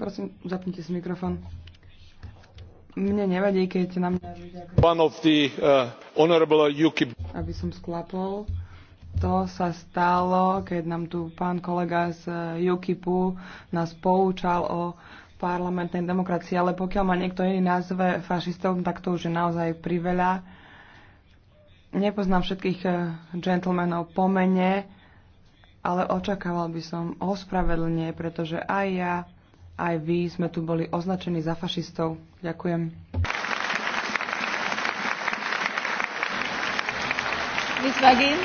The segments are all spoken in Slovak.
Prosím, zapnite si mikrofón. Mne nevadí, keď na mňa One of the uh, honorable UKIP. Aby som sklapol. To sa stalo, keď nám tu pán kolega z uh, UKIPu nás poučal o parlamentnej demokracii, ale pokiaľ ma niekto iný nazve fašistom, tak to už je naozaj priveľa. Nepoznám všetkých džentlmenov uh, po mene, ale očakával by som ospravedlnie, pretože aj ja aj vy sme tu boli označení za fašistov. Ďakujem. Miss Vagin,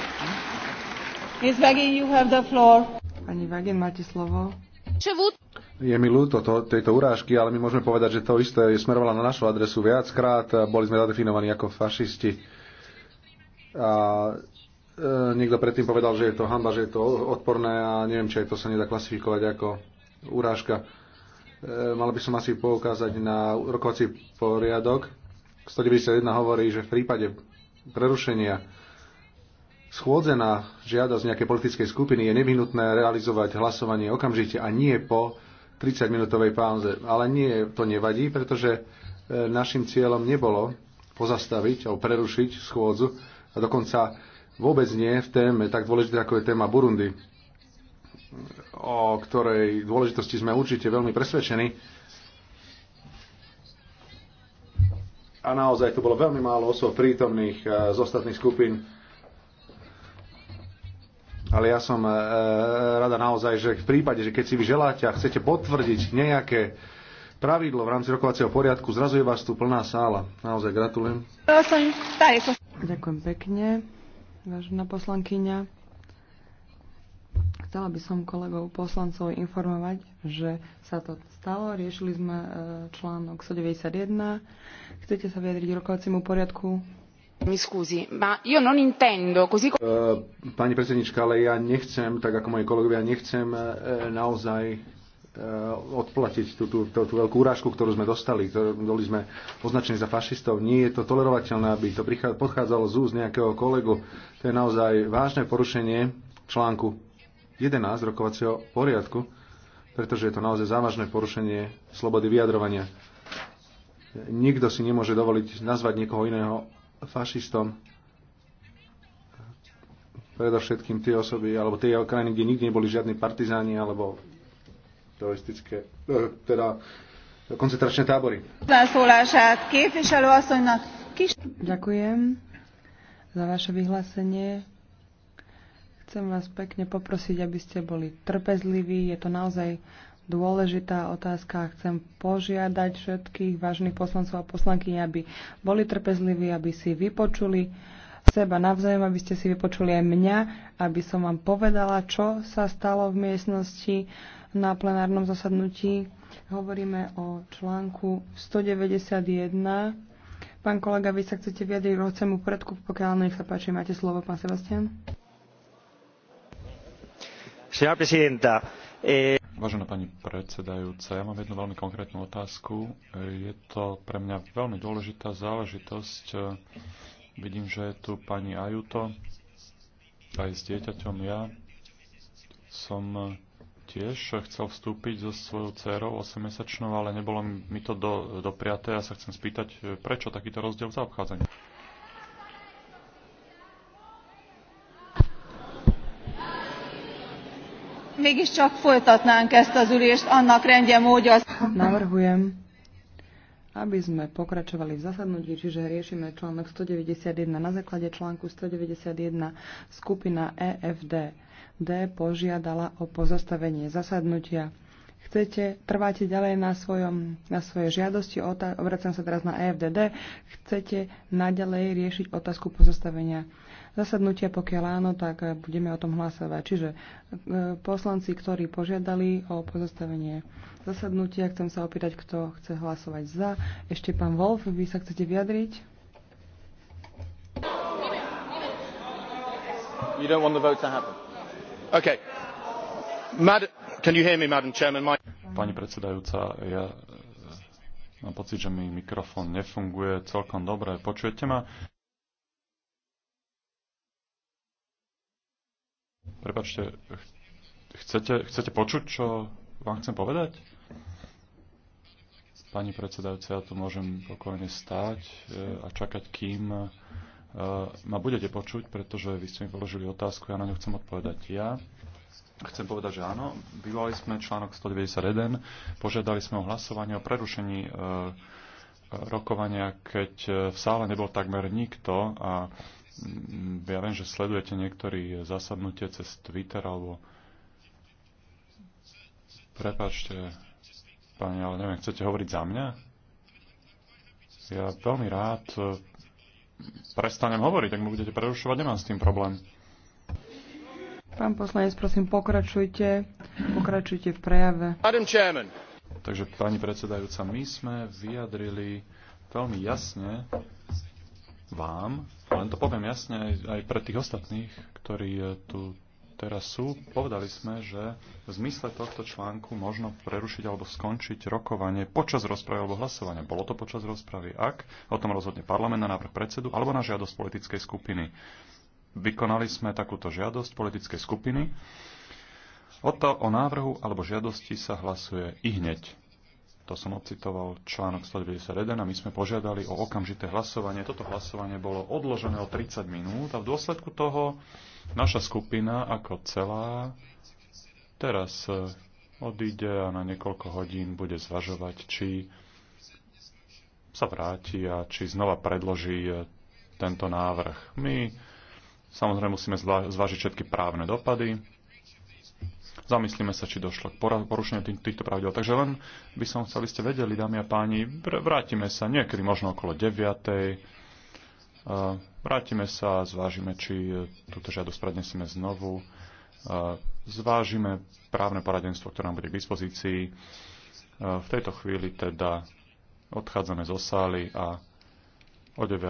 Miss Vagin, you have the floor. Pani Vagin, máte slovo. Je mi ľúto to, tejto urážky, ale my môžeme povedať, že to isté je smerovala na našu adresu viackrát. Boli sme zadefinovaní ako fašisti. A e, niekto predtým povedal, že je to hamba, že je to odporné a neviem, či aj to sa nedá klasifikovať ako urážka. E, mal by som asi poukázať na rokovací poriadok. 191 hovorí, že v prípade prerušenia schôdze na žiadosť nejakej politickej skupiny je nevyhnutné realizovať hlasovanie okamžite a nie po 30-minútovej pauze. Ale nie, to nevadí, pretože e, našim cieľom nebolo pozastaviť alebo prerušiť schôdzu a dokonca vôbec nie v téme tak dôležité, ako je téma Burundi o ktorej dôležitosti sme určite veľmi presvedčení. A naozaj tu bolo veľmi málo osôb prítomných eh, z ostatných skupín. Ale ja som eh, eh, rada naozaj, že v prípade, že keď si vy želáte a chcete potvrdiť nejaké pravidlo v rámci rokovacieho poriadku, zrazuje vás tu plná sála. Naozaj gratulujem. Ďakujem pekne, vážená poslankyňa. Chcela by som kolegov poslancov informovať, že sa to stalo. Riešili sme e, článok 191. Chcete sa vyjadriť rokovaciemu poriadku? Mi ma io non intendo così... E, pani predsednička, ale ja nechcem, tak ako moji kolegovia, nechcem e, naozaj odplatiť tú, tú, tú, tú veľkú úrážku, ktorú sme dostali, ktorú boli sme označení za fašistov. Nie je to tolerovateľné, aby to podchádzalo z úz nejakého kolegu. To je naozaj vážne porušenie článku 11 rokovacieho poriadku, pretože je to naozaj závažné porušenie slobody vyjadrovania. Nikto si nemôže dovoliť nazvať niekoho iného fašistom. Predovšetkým tie osoby, alebo tie krajiny, kde nikdy neboli žiadni partizáni, alebo teroristické, eh, teda koncentračné tábory. Ďakujem za vaše vyhlásenie. Chcem vás pekne poprosiť, aby ste boli trpezliví. Je to naozaj dôležitá otázka. Chcem požiadať všetkých vážnych poslancov a poslanky, aby boli trpezliví, aby si vypočuli seba navzájom, aby ste si vypočuli aj mňa, aby som vám povedala, čo sa stalo v miestnosti na plenárnom zasadnutí. Hovoríme o článku 191. Pán kolega, vy sa chcete vyjadriť rohcemu predku, pokiaľ nech sa páči, máte slovo, pán Sebastian. Eh, Vážená pani predsedajúca, ja mám jednu veľmi konkrétnu otázku. Je to pre mňa veľmi dôležitá záležitosť. Vidím, že je tu pani Ajuto aj s dieťaťom. Ja som tiež chcel vstúpiť so svojou dcerou 8-mesačnou, ale nebolo mi to do, dopriaté a ja sa chcem spýtať, prečo takýto rozdiel v zaobchádzaní. mégiscsak folytatnánk ezt az ülést, annak rendje módja. Navrhujem, aby sme pokračovali v zasadnutí, čiže riešime článok 191. Na základe článku 191 skupina EFD D požiadala o pozastavenie zasadnutia. Chcete, trváte ďalej na, svojom, na svojej žiadosti, obracam sa teraz na EFDD, chcete naďalej riešiť otázku pozastavenia Zasadnutia, pokiaľ áno, tak eh, budeme o tom hlasovať. Čiže eh, poslanci, ktorí požiadali o pozostavenie zasadnutia, chcem sa opýtať, kto chce hlasovať za. Ešte pán Wolf, vy sa chcete vyjadriť? You don't want the vote to happen. Okay. Mad- can you hear me, Madam Chairman? My- Pani predsedajúca, ja eh, mám pocit, že mi mikrofón nefunguje celkom dobre. Počujete ma? Prepačte, chcete, chcete počuť, čo vám chcem povedať? Pani predsedajúca, ja tu môžem pokojne stáť e, a čakať, kým e, ma budete počuť, pretože vy ste mi položili otázku, ja na ňu chcem odpovedať ja. Chcem povedať, že áno, vyvolali sme článok 191, požiadali sme o hlasovanie o prerušení e, rokovania, keď v sále nebol takmer nikto a Mm, ja viem, že sledujete niektorí zasadnutie cez Twitter alebo prepačte, pani, ale neviem, chcete hovoriť za mňa? Ja veľmi rád e, prestanem hovoriť, tak mu budete prerušovať, nemám s tým problém. Pán poslanec, prosím, pokračujte, pokračujte v prejave. Takže, pani predsedajúca, my sme vyjadrili veľmi jasne vám, len to poviem jasne aj, aj pre tých ostatných, ktorí e, tu teraz sú. Povedali sme, že v zmysle tohto článku možno prerušiť alebo skončiť rokovanie počas rozpravy alebo hlasovania. Bolo to počas rozpravy, ak o tom rozhodne parlament na návrh predsedu alebo na žiadosť politickej skupiny. Vykonali sme takúto žiadosť politickej skupiny. O to o návrhu alebo žiadosti sa hlasuje i hneď to som ocitoval článok 191 a my sme požiadali o okamžité hlasovanie. Toto hlasovanie bolo odložené o 30 minút a v dôsledku toho naša skupina ako celá teraz eh, odíde a na niekoľko hodín bude zvažovať, či sa vráti a či znova predloží eh, tento návrh. My samozrejme musíme zvážiť všetky právne dopady zamyslíme sa, či došlo k porušeniu tých, týchto pravidel. Takže len by som chcel, aby ste vedeli, dámy a páni, vrátime sa niekedy možno okolo 9. Vrátime sa, zvážime, či e, túto žiadosť prednesieme znovu. Zvážime právne poradenstvo, ktoré nám bude k dispozícii. V tejto chvíli teda odchádzame zo sály a o 9.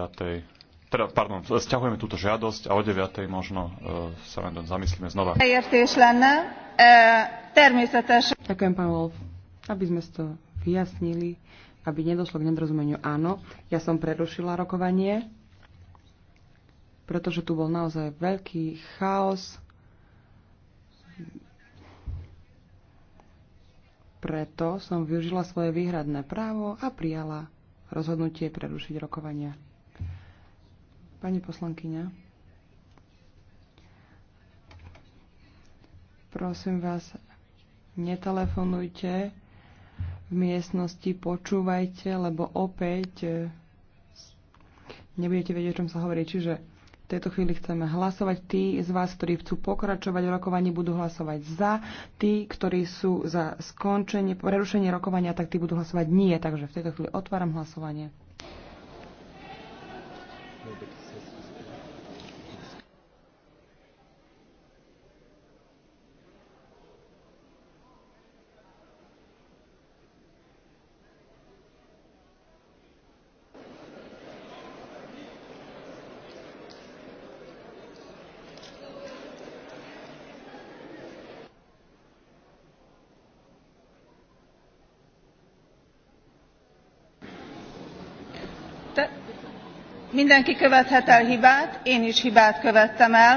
Teda, pardon, stiahujeme túto žiadosť a o 9. možno uh, sa len zamyslíme znova. E, Ďakujem, pán Wolf. Aby sme to vyjasnili, aby nedošlo k nedrozumeniu. áno, ja som prerušila rokovanie, pretože tu bol naozaj veľký chaos. Preto som využila svoje výhradné právo a prijala rozhodnutie prerušiť rokovania. Pani poslankyňa, prosím vás, netelefonujte v miestnosti, počúvajte, lebo opäť e, nebudete vedieť, o čom sa hovorí. Čiže v tejto chvíli chceme hlasovať. Tí z vás, ktorí chcú pokračovať v rokovaní, budú hlasovať za. Tí, ktorí sú za skončenie, prerušenie rokovania, tak tí budú hlasovať nie. Takže v tejto chvíli otváram hlasovanie. mindenki követhet el hibát, én is hibát követtem el.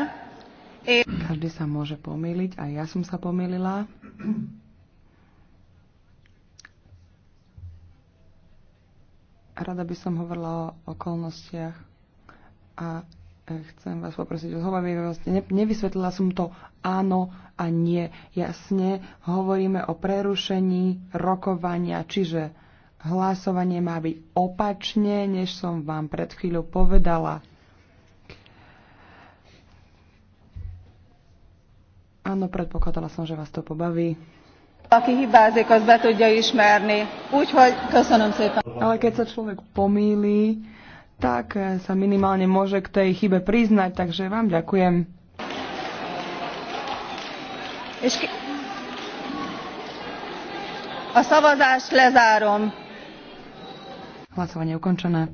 Én... Každý sa môže pomýliť, aj ja som sa pomýlila. Rada by som hovorila o okolnostiach a e, chcem vás poprosiť o zhovavivosť. Vlastne ne, nevysvetlila som to áno a nie. Jasne hovoríme o prerušení rokovania, čiže hlasovanie má byť opačne, než som vám pred chvíľou povedala. Áno, predpokladala som, že vás to pobaví. Aki hibázik, az be tudja ismerni. Úgyhogy köszönöm szépen. Ale keď sa človek pomýli, tak sa minimálne môže k tej chybe priznať, takže vám ďakujem. A szavazást lezárom. Hlasovanie ukončené.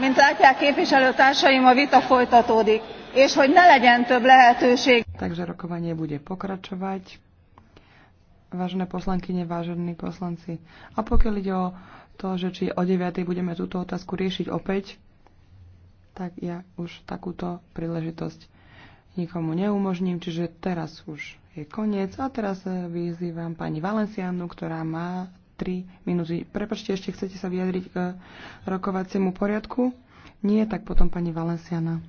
Mint látják képviselőtársaim, a vita folytatódik, és hogy ne legyen több lehetőség. Takže rokovanie bude pokračovať. Vážené poslankyne, vážení poslanci. A pokiaľ ide o to, že či o 9. budeme túto otázku riešiť opäť, tak ja už takúto príležitosť nikomu neumožním, čiže teraz už je koniec. A teraz eh, vyzývam pani Valenciánu, ktorá má 3 minúty. Prepačte, ešte chcete sa vyjadriť k eh, rokovaciemu poriadku? Nie, tak potom pani Valenciana.